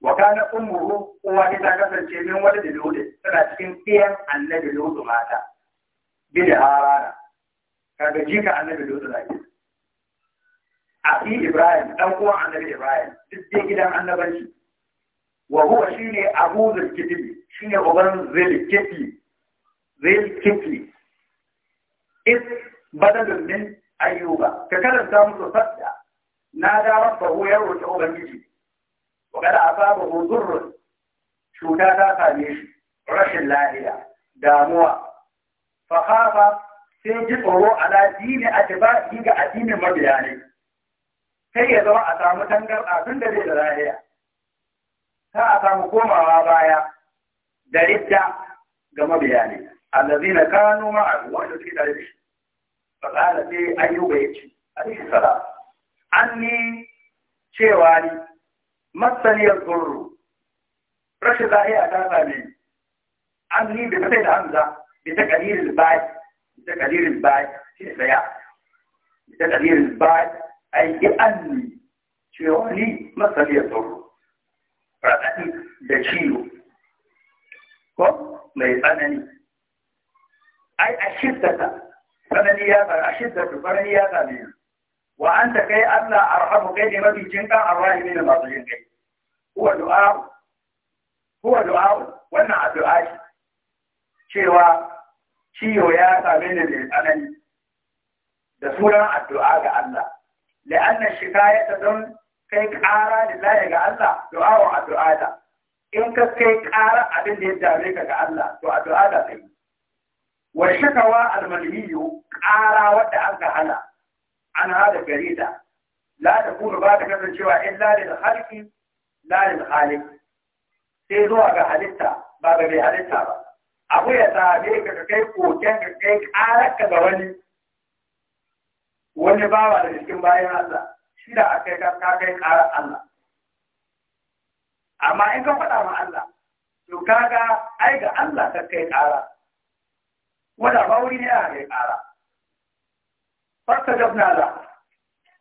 Wa kana ummuhu uwa ita kasance min wani da Lodi tana cikin ɗiyan annabi Lodi mata. Bidi Harana kaga jika annabi Lutu na ke abi Ibrahim dan uwan annabi Ibrahim duk dai gidan annabanci wa huwa shine Abu Zulkifli shine uban Zulkifli Zulkifli is ta min ayyuba ka karanta musu sadda na da rabbahu ya roƙi ubangiji wa kada asabahu dhurr cuta ta same shi rashin lafiya damuwa fa khafa sai ji tsoro Ladi ne a ba ga addinin mabiyane sai ya zama a samu tangar tun da zai da rariya ta a samu komawa baya da ridda ga A mabiya ne allazina kanu ma'a wanda suke tare da shi fa qala sai yi shi sara An ni cewa ni masaniyar zurru rashin lahiya ta an ni anni bi da hamza bi taqdiril bai بتقدير البعد شيء سيع بتقدير البعد أي بأني شيواني ما صلي يضر رأتي دشيو كم ما يفنني أي أشدة فنني يا أشدة فنني يا غني وأنت كي ألا أرحم كي ما بيجنك الراحمين ما بيجنك هو دعاء هو دعاء وانا دعاء شيء ciwo ya same ni mai tsanani da suran addu'a ga Allah la'anna ta don kai ƙara da laye ga Allah du'a wa addu'a da in ka kai ƙara abin da ya dame ka ga Allah to addu'a da kai wa shakawa almalhiyu ƙara wadda an ka hana an hada garida la da kuma ba ta kasancewa illa da harkin la da khaliq sai zuwa ga halitta ba ga bai halitta ba abu ya same ka ka kai koken ka kai karaka ga wani wani bawa da cikin bayan Allah shi da aka kai ka kai ƙarar Allah amma in ka faɗa ma Allah to kaga ai ga Allah ka kai ƙara wanda ba wuri ne a kai ƙara fasta jabna da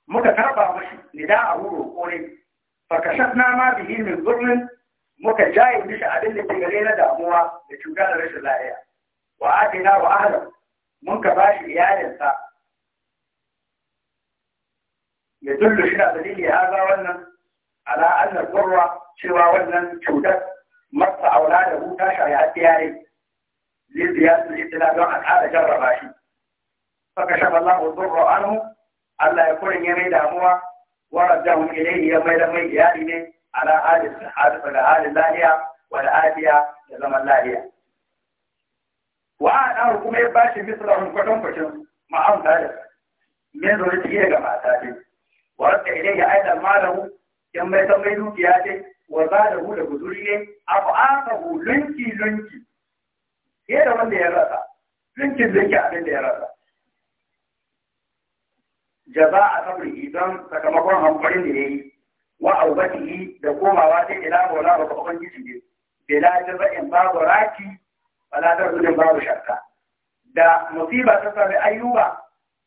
muka karba mashi nida a wuro kore na ma bihi min zurnin muka jaye mishi abin da ke gare na damuwa da cuta da rashin lafiya wa atina wa ahla mun ka bashi iyalinsa ya dullu shi da dalili ya ga wannan ala anna qurra cewa wannan cutar masa aula da huta shi ya tiyare liziya su itila don al'ada jarraba shi faka shafa Allah dhurra anhu Allah ya kurin ya mai damuwa ورجعهم إليه يوم يوم يوم على آل الصحابة وعلى آل اللاهية وعلى آلية لزم اللاهية وأنا أقوم يباشي مثلهم كتم كتم معهم ذلك من ذلك كما تاتي ورد إليه أيضا ماله يوم يسمي كياته وزاده لبذوريه أضعافه لنكي لنكي هي ده من يرسى لنكي لنكي عبد يرسى a sabrihi idan sakamakon hankulin da yayi wa aubatihi da komawa sai ila bola ba ka ubangiji ne bila jaza'in babu raki wala darbin babu shakka da musiba ta sami ayyuba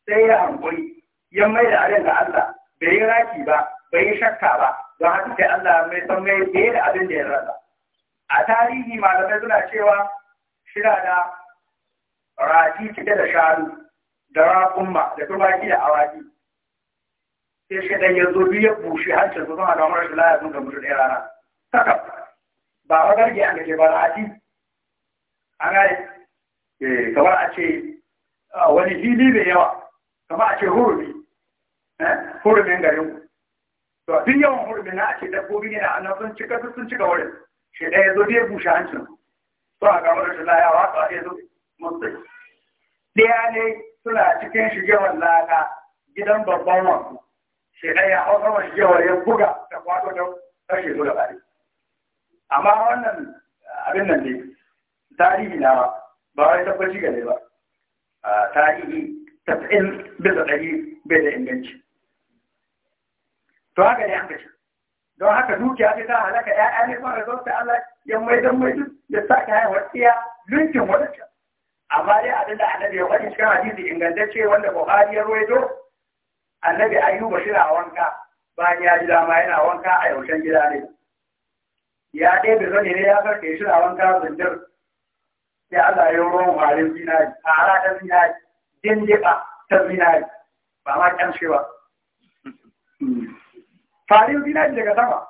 sai ya hankali ya mai da abin da Allah bai yi raki ba bai yi shakka ba don haka sai Allah mai san mai da da abin da ya rasa a tarihi malamai suna cewa shira da rati cike da shanu da raƙumma da tumaki da awaki sai shi dan yanzu duk ya bushe hancin su zama da mara lafiya sun ga mutu ɗaya rana saka ba a garge an gaje ba ra'ati an gane eh, kamar a ce wani hili mai yawa kamar a ce hurumi eh, hurumin garin ku to a duk yawan hurumin na a ce dabbobi ne da annan sun cika sun cika wurin shi ɗaya zo duk ya bushe hancin su a ga mara lafiya wa a ɗaya zo mutu ne suna cikin shigewar lada gidan babban wasu, shi ɗaya ya hau sama shigewar ya buga da kwado da ƙarshe, zuwa da ne amma wannan abin nan ne tarihi na ba wai tabbaci gare ba tarihi tafi'in bisa ɗari bai da inganci to haka ne an kashe don haka dukiya ta ta halaka ya'ya ne ba da zo sai Allah ya mai dan mai ya sake haihuwar tsiya lunkin wadata amma dai abin da annabi ya faɗi cikin hadisi ingantacce wanda Buhari ya ruwaito annabi Ayyuba shi na wanka bayan ya ji dama yana wanka a yaushen gida ne ya ɗaya da zane ne ya farke shi na wanka zindir sai Allah ya ruwan warin zinari a hara ta zinari dindiɓa ta zinari ba ma shi ba farin zinari daga sama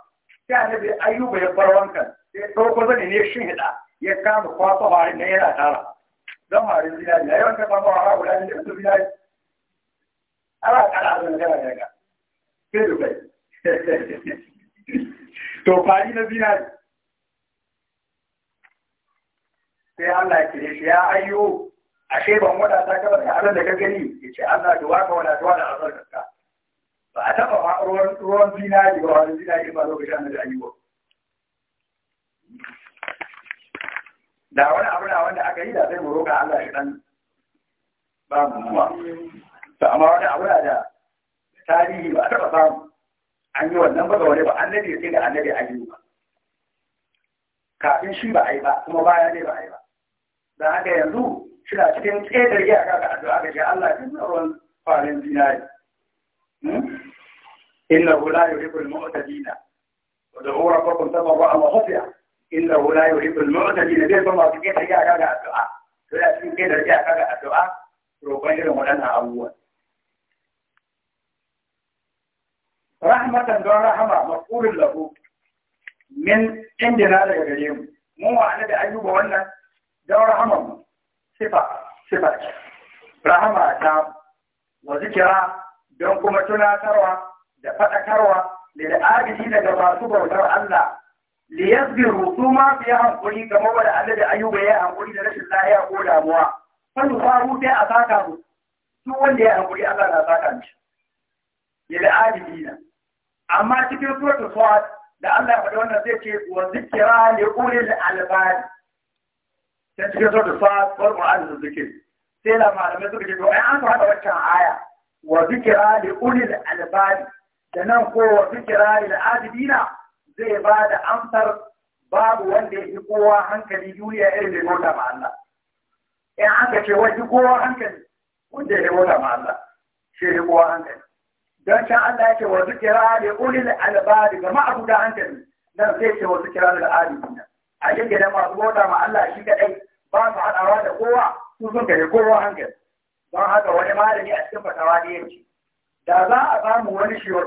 sai annabi Ayyuba ya bar wankan sai ɗauko zane ne shi hida ya kama kwasa warin na yana tara Zan zinari ba a ha wala zinari ala daga sai da kai to fari na zinari sai Allah ya kire shi ya ayyo ashe ban ta da ka gani yace Allah to waka da ba a taba ruwan zinari ba wani zinari ba lokacin da ayyuka da wani abu na wanda aka yi da sai mu roƙa Allah ya dan ba mu ba to amma wani abu da tarihi ba a ba samu an yi wannan ba ga wani ba annabi sai da annabi a yi ba kafin shi ba a yi ba kuma baya ne ba a yi ba da haka yanzu suna cikin tsedar yi a kaka addu'a ga shi Allah ya zuwa ruwan farin zinari hmm? inna hula yuhibbul mu'tadina wa da'u rabbakum tadarru'an wa khufiya inna la yuhibbul mu'tadin bai ba masu kai take aka ga addu'a to ya cikin kai da rike aka ga addu'a roƙon irin waɗannan abubuwan rahmatan don rahama maqulul lahu min indina daga gare mu mu ma'ana da ayyuba wannan don rahama mu sifa sifa rahama ta wa zikira don kuma tunatarwa da faɗakarwa da da daga masu bautar Allah liyazbir rusuma ma su kamar wanda Allah da Ayuba ya yi da rashin lafiya ko damuwa kan faru dai a saka mu su wanda ya hankuri Allah na saka mishi da adilina amma cikin suratul Fuad da Allah ya faɗi wannan zai ce wa zikira li ulil albab sai cikin suratul Fuad wal Qur'an da zikir sai la malamai suka ce to ai an faɗa wannan aya wa zikira li ulil albab da nan ko wa zikra lil adilina zai ba da amsar babu wanda ya fi kowa hankali duniya irin da mota ma Allah in aka ce wani kowa hankali wanda ya mota ma Allah shi ya kowa hankali don can Allah ya ce wa zikira da da alabari ga da hankali nan zai ce wa zikira da al'adu a yi da masu mota ma Allah shi kadai ba su haɗawa da kowa su sun gari kowa hankali don haka wani malami a cikin fatawa ne yake da za a samu wani shi wa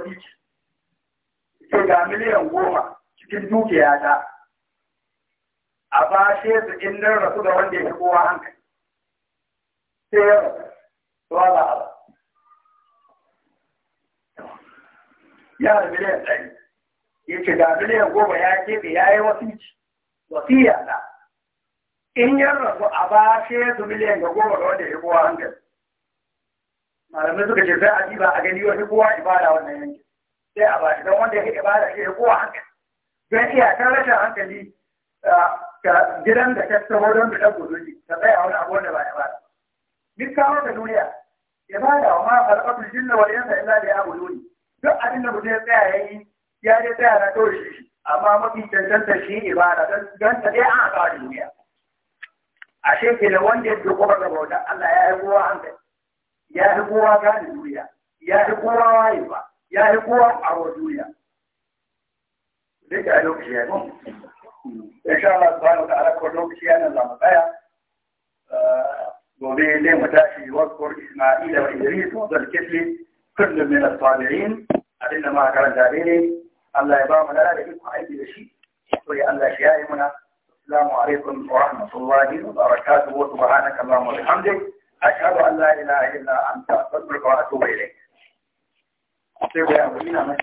ce ga miliyan goma cikin dukiya ta a bashe su in nan rasu ga wanda ya fi kowa hankali sai ya rasu zuwa ga Allah ya da miliyan ɗari ya ce ga miliyan goma ya keɓe ya yi wasici wasiya ta in ya rasu a bashe su miliyan ga goma ga wanda ya fi kowa hankali malamai suka ce sai a ba a gani wani kowa ibada wannan yankin sai a ba don wanda ya ibada shi ya kowa hankali don iya ta rashin hankali ka gidan da ta taho don da ɗan guduji ka tsaya wani abu wanda ba ya ba duk kawo da duniya ibada wa ma farqatul jinna wal insa illa bi abuduni duk abin da mutum ya tsaya yayi ya je tsaya na kawai shi amma mafi cancanta shi ibada don don ta dai an kawo duniya ashe ke da wanda ya dogara da bauta Allah ya yi kowa hankali ya fi kowa gane duniya ya fi kowa waye ba. ya yi kowa a wa duniya duk a lokaci ya yi ya sha Allah subhanahu wa ta'ala ko lokaci yana za mu tsaya gobe zai mu tashi wakkur Isma'ila wa Idris wa Zulkifli kullum min as-sabirin abin da muka karanta ne Allah ya ba mu da iko aiki da shi to ya Allah shi yayi muna assalamu alaikum wa rahmatullahi wa barakatuh wa subhanaka allahumma wa bihamdik ashhadu an la ilaha illa anta astaghfiruka wa atubu ilayk Stay around.